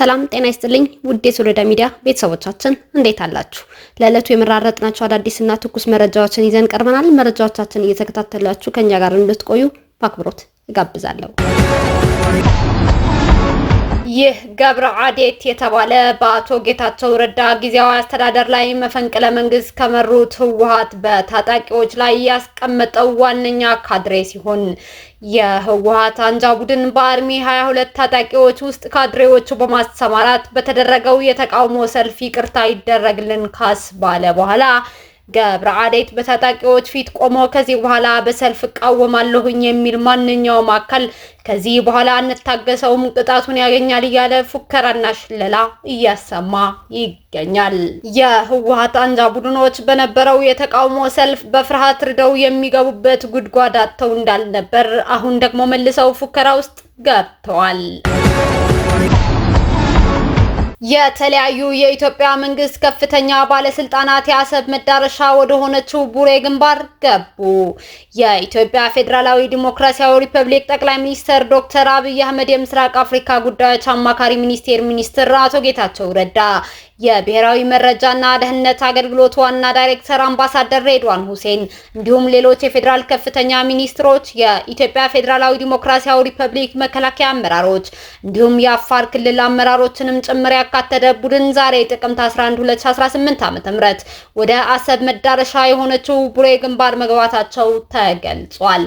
ሰላም ጤና ይስጥልኝ ውድ የሶሎዳ ሚዲያ ቤተሰቦቻችን እንዴት አላችሁ? ለዕለቱ የመራረጥናቸው አዳዲስና ትኩስ መረጃዎችን ይዘን ቀርበናል። መረጃዎቻችን እየተከታተላችሁ ከኛ ጋር እንድትቆዩ በአክብሮት እጋብዛለሁ። ይህ ገብረ አዴት የተባለ በአቶ ጌታቸው ረዳ ጊዜያዊ አስተዳደር ላይ መፈንቅለ መንግስት ከመሩት ህወሀት በታጣቂዎች ላይ ያስቀመጠው ዋነኛ ካድሬ ሲሆን የህወሀት አንጃ ቡድን በአርሚ 22 ታጣቂዎች ውስጥ ካድሬዎቹ በማሰማራት በተደረገው የተቃውሞ ሰልፍ ይቅርታ ይደረግልን ካስ ባለ በኋላ ገብረ አዴት በታጣቂዎች ፊት ቆሞ ከዚህ በኋላ በሰልፍ እቃወማለሁኝ የሚል ማንኛውም አካል ከዚህ በኋላ እንታገሰውም ቅጣቱን ያገኛል እያለ ፉከራና ሽለላ እያሰማ ይገኛል። የህወሀት አንጃ ቡድኖች በነበረው የተቃውሞ ሰልፍ በፍርሃት ርደው የሚገቡበት ጉድጓድ አጥተው እንዳልነበር አሁን ደግሞ መልሰው ፉከራ ውስጥ ገብተዋል። የተለያዩ የኢትዮጵያ መንግስት ከፍተኛ ባለስልጣናት የአሰብ መዳረሻ ወደ ሆነችው ቡሬ ግንባር ገቡ። የኢትዮጵያ ፌዴራላዊ ዲሞክራሲያዊ ሪፐብሊክ ጠቅላይ ሚኒስትር ዶክተር አብይ አህመድ የምስራቅ አፍሪካ ጉዳዮች አማካሪ ሚኒስቴር ሚኒስትር አቶ ጌታቸው ረዳ የብሔራዊ መረጃና ደህንነት አገልግሎት ዋና ዳይሬክተር አምባሳደር ሬድዋን ሁሴን እንዲሁም ሌሎች የፌዴራል ከፍተኛ ሚኒስትሮች፣ የኢትዮጵያ ፌዴራላዊ ዲሞክራሲያዊ ሪፐብሊክ መከላከያ አመራሮች እንዲሁም የአፋር ክልል አመራሮችንም ጭምር ያካተተ ቡድን ዛሬ ጥቅምት 11 2018 ዓ.ም ወደ አሰብ መዳረሻ የሆነችው ቡሬ ግንባር መግባታቸው ተገልጿል።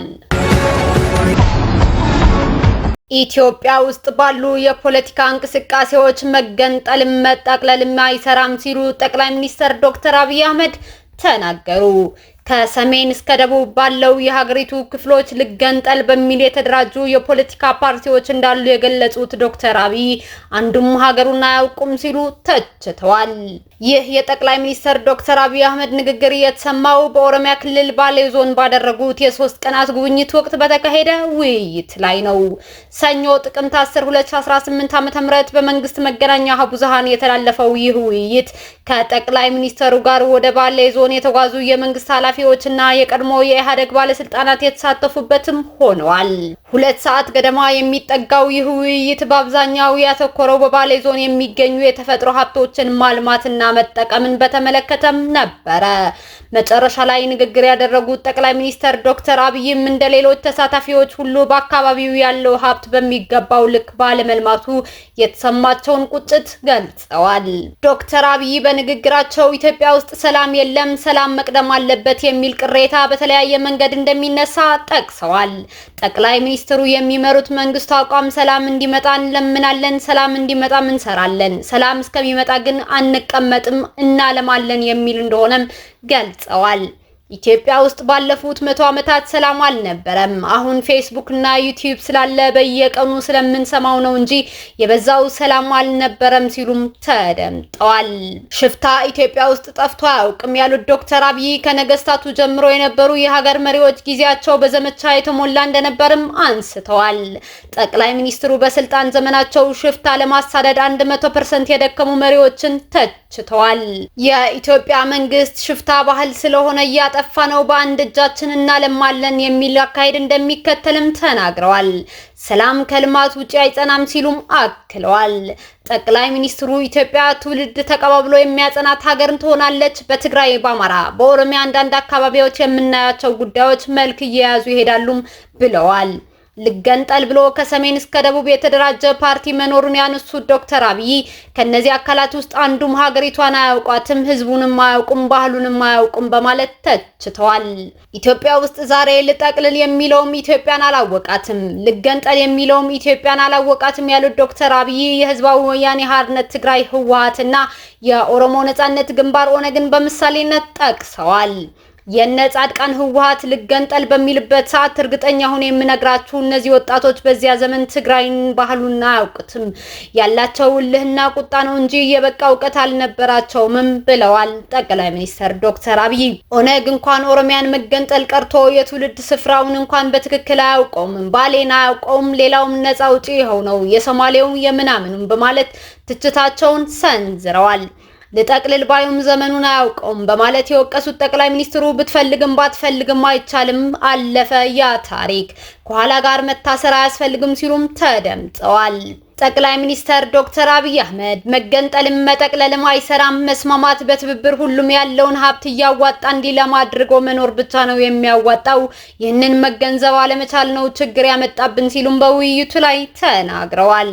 ኢትዮጵያ ውስጥ ባሉ የፖለቲካ እንቅስቃሴዎች መገንጠልም መጠቅለልም አይሰራም ሲሉ ጠቅላይ ሚኒስትር ዶክተር አብይ አህመድ ተናገሩ። ከሰሜን እስከ ደቡብ ባለው የሀገሪቱ ክፍሎች ልገንጠል በሚል የተደራጁ የፖለቲካ ፓርቲዎች እንዳሉ የገለጹት ዶክተር አብይ አንዱም ሀገሩን አያውቁም ሲሉ ተችተዋል። ይህ የጠቅላይ ሚኒስትር ዶክተር አብይ አህመድ ንግግር የተሰማው በኦሮሚያ ክልል ባሌ ዞን ባደረጉት የሶስት ቀናት ጉብኝት ወቅት በተካሄደ ውይይት ላይ ነው። ሰኞ ጥቅምት 10 2018 ዓ.ም በመንግስት መገናኛ ብዙሃን የተላለፈው ይህ ውይይት ከጠቅላይ ሚኒስትሩ ጋር ወደ ባሌ ዞን የተጓዙ የመንግስት ኃላፊዎችና የቀድሞ የኢህአዴግ ባለስልጣናት የተሳተፉበትም ሆነዋል። ሁለት ሰዓት ገደማ የሚጠጋው ይህ ውይይት በአብዛኛው ያተኮረው በባሌ ዞን የሚገኙ የተፈጥሮ ሀብቶችን ማልማትና መጠቀምን በተመለከተም ነበረ። መጨረሻ ላይ ንግግር ያደረጉት ጠቅላይ ሚኒስትር ዶክተር አብይም እንደ ሌሎች ተሳታፊዎች ሁሉ በአካባቢው ያለው ሀብት በሚገባው ልክ ባለመልማቱ የተሰማቸውን ቁጭት ገልጸዋል። ዶክተር አብይ በንግግራቸው ኢትዮጵያ ውስጥ ሰላም የለም፣ ሰላም መቅደም አለበት የሚል ቅሬታ በተለያየ መንገድ እንደሚነሳ ጠቅሰዋል። ጠቅላይ ሚኒስትሩ የሚመሩት መንግስት አቋም ሰላም እንዲመጣ እንለምናለን፣ ሰላም እንዲመጣ እንሰራለን፣ ሰላም እስከሚመጣ ግን አንቀመጥም፣ እናለማለን የሚል እንደሆነም ገልጸዋል። ኢትዮጵያ ውስጥ ባለፉት መቶ ዓመታት ሰላም አልነበረም። አሁን ፌስቡክ እና ዩቲዩብ ስላለ በየቀኑ ስለምንሰማው ነው እንጂ የበዛው ሰላም አልነበረም ሲሉም ተደምጠዋል። ሽፍታ ኢትዮጵያ ውስጥ ጠፍቶ አያውቅም ያሉት ዶክተር አብይ ከነገስታቱ ጀምሮ የነበሩ የሀገር መሪዎች ጊዜያቸው በዘመቻ የተሞላ እንደነበርም አንስተዋል። ጠቅላይ ሚኒስትሩ በስልጣን ዘመናቸው ሽፍታ ለማሳደድ አንድ መቶ ፐርሰንት የደከሙ መሪዎችን ተችተዋል። የኢትዮጵያ መንግስት ሽፍታ ባህል ስለሆነ እያጠ ነው በአንድ እጃችን እናለማለን የሚል አካሄድ እንደሚከተልም ተናግረዋል። ሰላም ከልማት ውጪ አይጸናም ሲሉም አክለዋል። ጠቅላይ ሚኒስትሩ ኢትዮጵያ ትውልድ ተቀባብሎ የሚያጸናት ሀገርን ትሆናለች፣ በትግራይ፣ በአማራ፣ በኦሮሚያ አንዳንድ አካባቢዎች የምናያቸው ጉዳዮች መልክ እየያዙ ይሄዳሉም ብለዋል። ልገንጠል ብሎ ከሰሜን እስከ ደቡብ የተደራጀ ፓርቲ መኖሩን ያነሱት ዶክተር አብይ ከነዚህ አካላት ውስጥ አንዱም ሀገሪቷን አያውቋትም፣ ህዝቡንም አያውቁም፣ ባህሉንም አያውቁም በማለት ተችተዋል። ኢትዮጵያ ውስጥ ዛሬ ልጠቅልል የሚለውም ኢትዮጵያን አላወቃትም፣ ልገንጠል የሚለውም ኢትዮጵያን አላወቃትም ያሉት ዶክተር አብይ የህዝባዊ ወያኔ ሀርነት ትግራይ ህወሀትና የኦሮሞ ነጻነት ግንባር ኦነግን በምሳሌነት ጠቅሰዋል። የነ ጻድቃን ህወሀት ልገንጠል በሚልበት ሰዓት እርግጠኛ ሆነ የምነግራችሁ እነዚህ ወጣቶች በዚያ ዘመን ትግራይን ባህሉና አያውቁትም። ያላቸው እልህና ቁጣ ነው እንጂ የበቃ እውቀት አልነበራቸውምም ብለዋል ጠቅላይ ሚኒስትር ዶክተር አብይ። ኦነግ እንኳን ኦሮሚያን መገንጠል ቀርቶ የትውልድ ስፍራውን እንኳን በትክክል አያውቀውም። ባሌን አያውቀውም፣ ሌላውም ነፃ ውጪ የሆነው የሶማሌው የምናምኑም በማለት ትችታቸውን ሰንዝረዋል። ልጠቅልል ባዩም ዘመኑን አያውቀውም በማለት የወቀሱት ጠቅላይ ሚኒስትሩ ብትፈልግም ባትፈልግም አይቻልም፣ አለፈ ያ ታሪክ፣ ከኋላ ጋር መታሰር አያስፈልግም ሲሉም ተደምጠዋል። ጠቅላይ ሚኒስተር ዶክተር አብይ አህመድ መገንጠልም መጠቅለልም አይሰራም፣ መስማማት በትብብር ሁሉም ያለውን ሀብት እያዋጣ እንዲለማ አድርጎ መኖር ብቻ ነው የሚያዋጣው፣ ይህንን መገንዘብ አለመቻል ነው ችግር ያመጣብን ሲሉም በውይይቱ ላይ ተናግረዋል።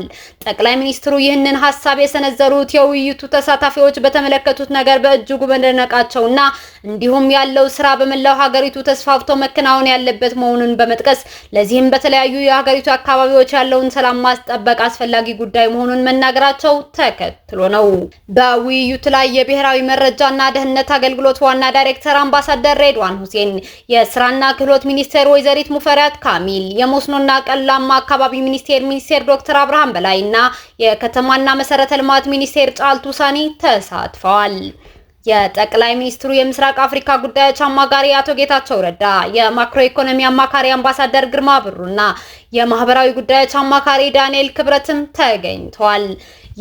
ጠቅላይ ሚኒስትሩ ይህንን ሀሳብ የሰነዘሩት የውይይቱ ተሳታፊዎች በተመለከቱት ነገር በእጅጉ መደነቃቸውና እንዲሁም ያለው ስራ በመላው ሀገሪቱ ተስፋፍቶ መከናወን ያለበት መሆኑን በመጥቀስ ለዚህም በተለያዩ የሀገሪቱ አካባቢዎች ያለውን ሰላም ማስጠበቅ አስፈላጊ አስፈላጊ ጉዳይ መሆኑን መናገራቸው ተከትሎ ነው። በውይይቱ ላይ የብሔራዊ መረጃና ደህንነት አገልግሎት ዋና ዳይሬክተር አምባሳደር ሬድዋን ሁሴን፣ የስራና ክህሎት ሚኒስቴር ወይዘሪት ሙፈሪያት ካሚል፣ የመስኖና ቀላማ አካባቢ ሚኒስቴር ሚኒስቴር ዶክተር አብርሃም በላይ እና የከተማና መሰረተ ልማት ሚኒስቴር ጫልቱ ሳኒ ተሳትፈዋል። የጠቅላይ ሚኒስትሩ የምስራቅ አፍሪካ ጉዳዮች አማካሪ አቶ ጌታቸው ረዳ፣ የማክሮ ኢኮኖሚ አማካሪ አምባሳደር ግርማ ብሩና የማህበራዊ ጉዳዮች አማካሪ ዳንኤል ክብረትም ተገኝተዋል።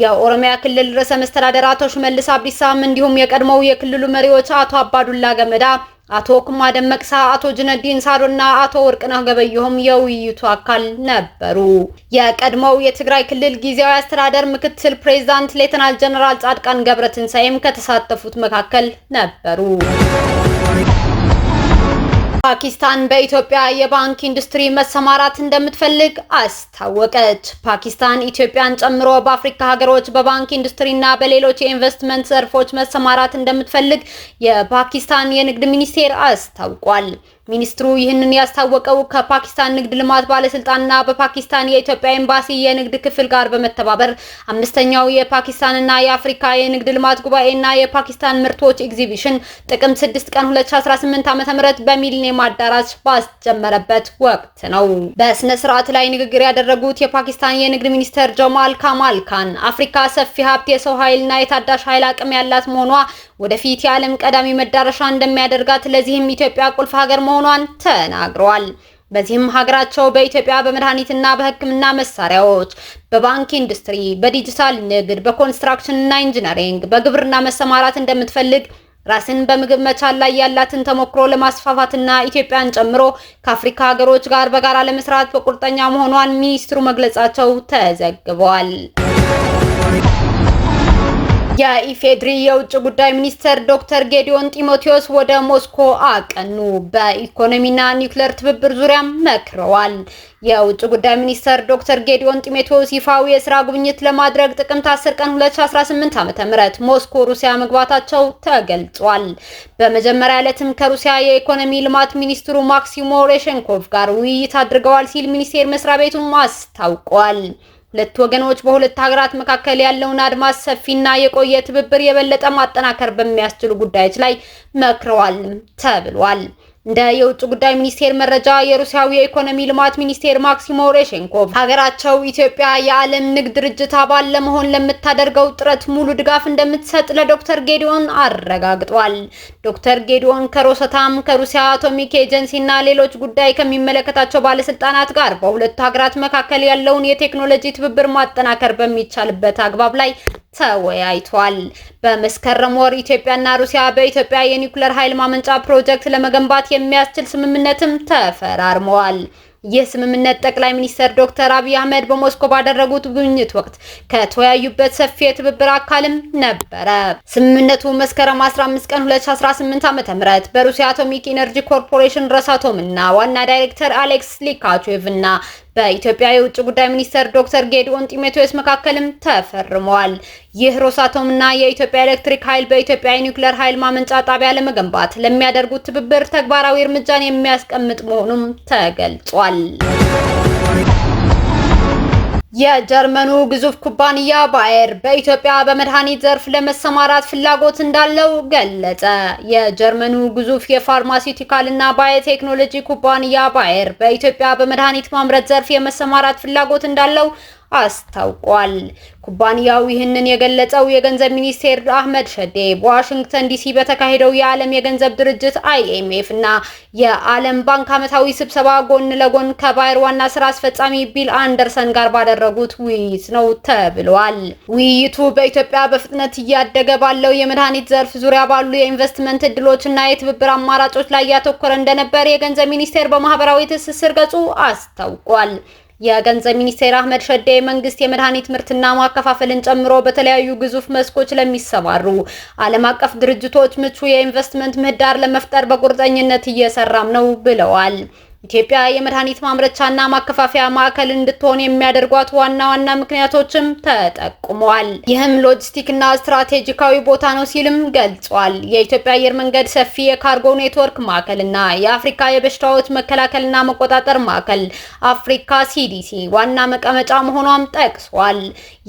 የኦሮሚያ ክልል ርዕሰ መስተዳደር አቶ ሽመልስ አብዲሳም እንዲሁም የቀድሞው የክልሉ መሪዎች አቶ አባዱላ ገመዳ አቶ ኩማ ደመቅሳ፣ አቶ ጅነዲን ሳዶና አቶ ወርቅነህ ገበየሁም የውይይቱ አካል ነበሩ። የቀድሞው የትግራይ ክልል ጊዜያዊ አስተዳደር ምክትል ፕሬዚዳንት ሌተናል ጀነራል ጻድቃን ገብረትንሳኤም ከተሳተፉት መካከል ነበሩ። ፓኪስታን በኢትዮጵያ የባንክ ኢንዱስትሪ መሰማራት እንደምትፈልግ አስታወቀች። ፓኪስታን ኢትዮጵያን ጨምሮ በአፍሪካ ሀገሮች በባንክ ኢንዱስትሪና በሌሎች የኢንቨስትመንት ዘርፎች መሰማራት እንደምትፈልግ የፓኪስታን የንግድ ሚኒስቴር አስታውቋል። ሚኒስትሩ ይህንን ያስታወቀው ከፓኪስታን ንግድ ልማት ባለስልጣንና በፓኪስታን የኢትዮጵያ ኤምባሲ የንግድ ክፍል ጋር በመተባበር አምስተኛው የፓኪስታንና የአፍሪካ የንግድ ልማት ጉባኤና የፓኪስታን ምርቶች ኤግዚቢሽን ጥቅምት 6 ቀን 2018 ዓ.ም በሚሊኒየም አዳራሽ ባስጀመረበት ወቅት ነው። በስነ ስርዓት ላይ ንግግር ያደረጉት የፓኪስታን የንግድ ሚኒስተር ጀማል ካማል ካን አፍሪካ ሰፊ ሀብት፣ የሰው ኃይልና የታዳሽ ኃይል አቅም ያላት መሆኗ ወደፊት የዓለም ቀዳሚ መዳረሻ እንደሚያደርጋት ለዚህም ኢትዮጵያ ቁልፍ ሀገር መሆኗን ተናግረዋል። በዚህም ሀገራቸው በኢትዮጵያ በመድኃኒትና በሕክምና መሳሪያዎች፣ በባንክ ኢንዱስትሪ፣ በዲጂታል ንግድ፣ እና ኢንጂነሪንግ፣ በግብርና መሰማራት እንደምትፈልግ ራስን በምግብ መቻል ላይ ያላትን ተሞክሮ ለማስፋፋትና ኢትዮጵያን ጨምሮ ከአፍሪካ ሀገሮች ጋር በጋራ ለመስራት በቁርጠኛ መሆኗን ሚኒስትሩ መግለጻቸው ተዘግበዋል። የኢፌድሪ የውጭ ጉዳይ ሚኒስተር ዶክተር ጌዲዮን ጢሞቴዎስ ወደ ሞስኮ አቀኑ። በኢኮኖሚና ኒውክሌር ትብብር ዙሪያም መክረዋል። የውጭ ጉዳይ ሚኒስተር ዶክተር ጌዲዮን ጢሞቴዎስ ይፋዊ የስራ ጉብኝት ለማድረግ ጥቅምት 10 ቀን 2018 ም ሞስኮ ሩሲያ መግባታቸው ተገልጿል። በመጀመሪያ ዕለትም ከሩሲያ የኢኮኖሚ ልማት ሚኒስትሩ ማክሲሞ ሬሸንኮቭ ጋር ውይይት አድርገዋል ሲል ሚኒስቴር መስሪያ ቤቱም አስታውቋል። ሁለት ወገኖች በሁለት ሀገራት መካከል ያለውን አድማስ ሰፊና የቆየ ትብብር የበለጠ ማጠናከር በሚያስችሉ ጉዳዮች ላይ መክረዋል ተብሏል። እንደ የውጭ ጉዳይ ሚኒስቴር መረጃ የሩሲያው የኢኮኖሚ ልማት ሚኒስቴር ማክሲሞ ሬሽንኮቭ ሀገራቸው ኢትዮጵያ የዓለም ንግድ ድርጅት አባል ለመሆን ለምታደርገው ጥረት ሙሉ ድጋፍ እንደምትሰጥ ለዶክተር ጌዲዮን አረጋግጧል። ዶክተር ጌዲዮን ከሮሰታም ከሩሲያ አቶሚክ ኤጀንሲ እና ሌሎች ጉዳይ ከሚመለከታቸው ባለስልጣናት ጋር በሁለቱ ሀገራት መካከል ያለውን የቴክኖሎጂ ትብብር ማጠናከር በሚቻልበት አግባብ ላይ ተወያይቷል። በመስከረም ወር ኢትዮጵያና ሩሲያ በኢትዮጵያ የኒውክሌር ኃይል ማመንጫ ፕሮጀክት ለመገንባት የሚያስችል ስምምነትም ተፈራርመዋል። ይህ ስምምነት ጠቅላይ ሚኒስትር ዶክተር አብይ አህመድ በሞስኮ ባደረጉት ጉብኝት ወቅት ከተወያዩበት ሰፊ የትብብር አካልም ነበረ። ስምምነቱ መስከረም 15 ቀን 2018 ዓ.ም ተመረተ በሩሲያ አቶሚክ ኢነርጂ ኮርፖሬሽን ረሳቶም እና ዋና ዳይሬክተር አሌክስ ሊካቾቭ እና በኢትዮጵያ የውጭ ጉዳይ ሚኒስትር ዶክተር ጌዲዮን ጢሞቴዎስ መካከልም ተፈርመዋል። ይህ ሮሳቶምና የኢትዮጵያ ኤሌክትሪክ ኃይል በኢትዮጵያ የኒውክሌር ኃይል ማመንጫ ጣቢያ ለመገንባት ለሚያደርጉት ትብብር ተግባራዊ እርምጃን የሚያስቀምጥ መሆኑም ተገልጿል። የጀርመኑ ግዙፍ ኩባንያ ባየር በኢትዮጵያ በመድኃኒት ዘርፍ ለመሰማራት ፍላጎት እንዳለው ገለጸ። የጀርመኑ ግዙፍ የፋርማሲውቲካል እና ባዮቴክኖሎጂ ኩባንያ ባየር በኢትዮጵያ በመድኃኒት ማምረት ዘርፍ የመሰማራት ፍላጎት እንዳለው አስታውቋል። ኩባንያው ይህንን የገለጸው የገንዘብ ሚኒስቴር አህመድ ሸዴ በዋሽንግተን ዲሲ በተካሄደው የዓለም የገንዘብ ድርጅት አይኤምኤፍ እና የዓለም ባንክ ዓመታዊ ስብሰባ ጎን ለጎን ከባይር ዋና ስራ አስፈጻሚ ቢል አንደርሰን ጋር ባደረጉት ውይይት ነው ተብሏል። ውይይቱ በኢትዮጵያ በፍጥነት እያደገ ባለው የመድኃኒት ዘርፍ ዙሪያ ባሉ የኢንቨስትመንት እድሎች እና የትብብር አማራጮች ላይ ያተኮረ እንደነበር የገንዘብ ሚኒስቴር በማህበራዊ ትስስር ገጹ አስታውቋል። የገንዘብ ሚኒስቴር አህመድ ሸዴ መንግስት የመድኃኒት ምርትና ማከፋፈልን ጨምሮ በተለያዩ ግዙፍ መስኮች ለሚሰማሩ ዓለም አቀፍ ድርጅቶች ምቹ የኢንቨስትመንት ምህዳር ለመፍጠር በቁርጠኝነት እየሰራም ነው ብለዋል። ኢትዮጵያ የመድኃኒት ማምረቻና ማከፋፈያ ማዕከል እንድትሆን የሚያደርጓት ዋና ዋና ምክንያቶችም ተጠቁመዋል። ይህም ሎጂስቲክና ስትራቴጂካዊ ቦታ ነው ሲልም ገልጿል። የኢትዮጵያ አየር መንገድ ሰፊ የካርጎ ኔትወርክ ማዕከልና የአፍሪካ የበሽታዎች መከላከልና መቆጣጠር ማዕከል አፍሪካ ሲዲሲ ዋና መቀመጫ መሆኗም ጠቅሷል።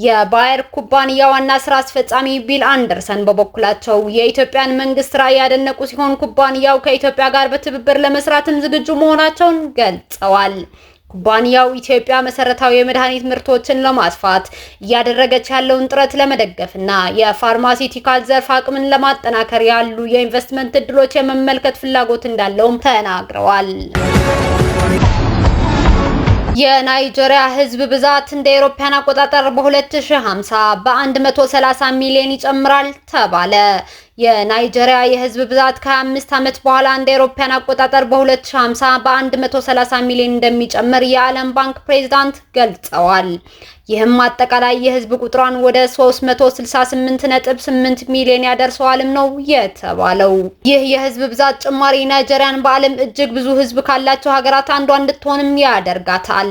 የባየር ኩባንያ ዋና ስራ አስፈጻሚ ቢል አንደርሰን በበኩላቸው የኢትዮጵያን መንግስት ስራ ያደነቁ ሲሆን ኩባንያው ከኢትዮጵያ ጋር በትብብር ለመስራትም ዝግጁ መሆናቸው መሆናቸውን ገልጸዋል። ኩባንያው ኢትዮጵያ መሰረታዊ የመድኃኒት ምርቶችን ለማስፋት እያደረገች ያለውን ጥረት ለመደገፍና የፋርማሲቲካል ዘርፍ አቅምን ለማጠናከር ያሉ የኢንቨስትመንት እድሎች የመመልከት ፍላጎት እንዳለውም ተናግረዋል። የናይጄሪያ ሕዝብ ብዛት እንደ አውሮፓውያን አቆጣጠር በ2050 በ130 ሚሊዮን ይጨምራል ተባለ። የናይጄሪያ የህዝብ ብዛት ከ25 ዓመት በኋላ እንደ አውሮፓውያን አቆጣጠር በ2050 በ130 ሚሊዮን እንደሚጨምር የዓለም ባንክ ፕሬዝዳንት ገልጸዋል። ይህም አጠቃላይ የህዝብ ቁጥሯን ወደ 368.8 ሚሊዮን ያደርሰዋልም ነው የተባለው። ይህ የህዝብ ብዛት ጭማሪ ናይጄሪያን በዓለም እጅግ ብዙ ህዝብ ካላቸው ሀገራት አንዷ እንድትሆንም ያደርጋታል።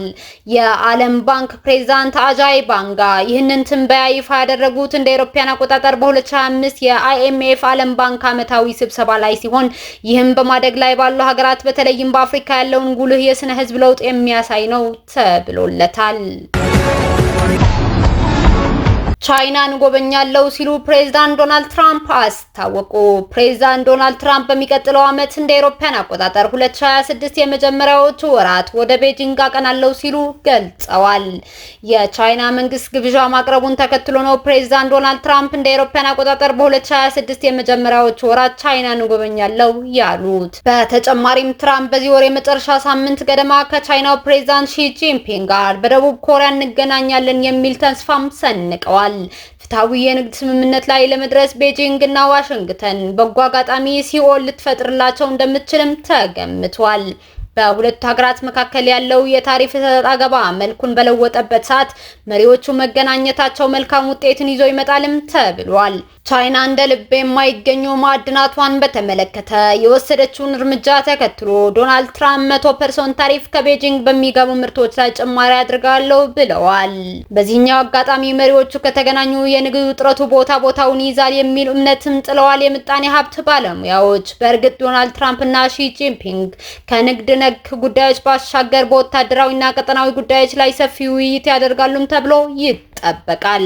የዓለም ባንክ ፕሬዝዳንት አጃይ ባንጋ ይህንን ትንበያ ይፋ ያደረጉት እንደ አውሮፓውያን አቆጣጠር በ2025 የአይኤምኤ በአይኤምኤፍ ዓለም ባንክ ዓመታዊ ስብሰባ ላይ ሲሆን ይህም በማደግ ላይ ባሉ ሀገራት በተለይም በአፍሪካ ያለውን ጉልህ የስነ ህዝብ ለውጥ የሚያሳይ ነው ተብሎለታል። ቻይናን ጎበኛለው ሲሉ ፕሬዝዳንት ዶናልድ ትራምፕ አስታወቁ። ፕሬዝዳንት ዶናልድ ትራምፕ በሚቀጥለው ዓመት እንደ አውሮፓውያን አቆጣጠር 2026 የመጀመሪያዎቹ ወራት ወደ ቤጂንግ አቀናለው ሲሉ ገልጸዋል። የቻይና መንግስት ግብዣ ማቅረቡን ተከትሎ ነው ፕሬዝዳንት ዶናልድ ትራምፕ እንደ አውሮፓውያን አቆጣጠር በ2026 የመጀመሪያዎቹ ወራት ቻይናን ጎበኛለው ያሉት። በተጨማሪም ትራምፕ በዚህ ወር የመጨረሻ ሳምንት ገደማ ከቻይናው ፕሬዝዳንት ሺ ጂንፒንግ ጋር በደቡብ ኮሪያ እንገናኛለን የሚል ተስፋም ሰንቀዋል። ገልጸዋል። ፍትሐዊ የንግድ ስምምነት ላይ ለመድረስ ቤጂንግ እና ዋሽንግተን በጎ አጋጣሚ ሲኦል ልትፈጥርላቸው እንደምትችልም ተገምቷል። በሁለቱ ሀገራት መካከል ያለው የታሪፍ ሰጣ መልኩን በለወጠበት ሰዓት መሪዎቹ መገናኘታቸው መልካም ውጤትን ይዞ ይመጣልም ተብሏል። ቻይና እንደ ልብ የማይገኙ ማዕድናቷን በተመለከተ የወሰደችውን እርምጃ ተከትሎ ዶናልድ ትራምፕ መቶ ፐርሰንት ታሪፍ ከቤጂንግ በሚገቡ ምርቶች ላይ ጭማሪ አድርጋለሁ ብለዋል። በዚህኛው አጋጣሚ መሪዎቹ ከተገናኙ የንግድ ውጥረቱ ቦታ ቦታውን ይዛል የሚል እምነትም ጥለዋል የምጣኔ ሀብት ባለሙያዎች። በእርግጥ ዶናልድ ትራምፕ እና ሺ ጂንፒንግ ከንግድ ነክ ጉዳዮች ባሻገር በወታደራዊና ቀጠናዊ ጉዳዮች ላይ ሰፊ ውይይት ያደርጋሉም ተብሎ ይጠበቃል።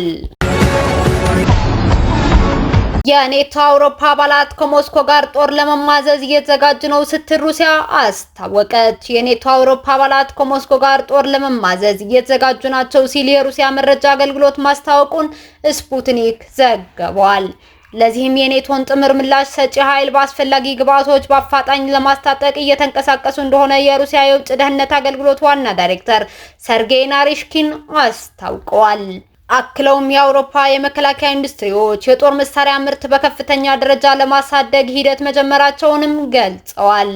የኔቶ አውሮፓ አባላት ከሞስኮ ጋር ጦር ለመማዘዝ እየተዘጋጁ ነው ስትል ሩሲያ አስታወቀች። የኔቶ አውሮፓ አባላት ከሞስኮ ጋር ጦር ለመማዘዝ እየተዘጋጁ ናቸው ሲል የሩሲያ መረጃ አገልግሎት ማስታወቁን ስፑትኒክ ዘግቧል። ለዚህም የኔቶን ጥምር ምላሽ ሰጪ ኃይል በአስፈላጊ ግብዓቶች በአፋጣኝ ለማስታጠቅ እየተንቀሳቀሱ እንደሆነ የሩሲያ የውጭ ደህንነት አገልግሎት ዋና ዳይሬክተር ሰርጌይ ናሪሽኪን አስታውቀዋል። አክለውም የአውሮፓ የመከላከያ ኢንዱስትሪዎች የጦር መሳሪያ ምርት በከፍተኛ ደረጃ ለማሳደግ ሂደት መጀመራቸውንም ገልጸዋል።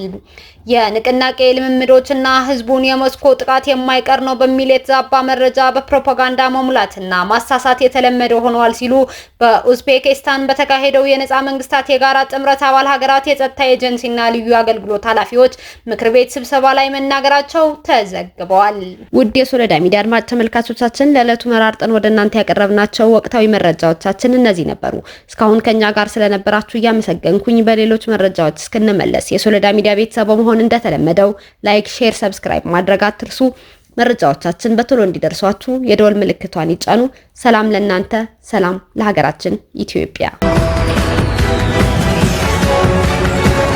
የንቅናቄ ልምምዶችና ህዝቡን የሞስኮ ጥቃት የማይቀር ነው በሚል የተዛባ መረጃ በፕሮፓጋንዳ መሙላትና ማሳሳት የተለመደ ሆኗል ሲሉ በኡዝቤኪስታን በተካሄደው የነፃ መንግስታት የጋራ ጥምረት አባል ሀገራት የጸጥታ ኤጀንሲና ልዩ አገልግሎት ኃላፊዎች ምክር ቤት ስብሰባ ላይ መናገራቸው ተዘግበዋል። ውድ የሶለዳ ሚዲያ አድማጭ ተመልካቾቻችን ለዕለቱ መራርጠን ወደ እናንተ ያቀረብናቸው ወቅታዊ መረጃዎቻችን እነዚህ ነበሩ። እስካሁን ከኛ ጋር ስለነበራችሁ እያመሰገንኩኝ በሌሎች መረጃዎች እስክንመለስ የሶለዳ ሚዲያ ቤተሰብ በመሆን ለመሆን እንደተለመደው ላይክ፣ ሼር፣ ሰብስክራይብ ማድረግ አትርሱ። መረጃዎቻችን በቶሎ እንዲደርሷችሁ የደወል ምልክቷን ይጫኑ። ሰላም ለእናንተ፣ ሰላም ለሀገራችን ኢትዮጵያ።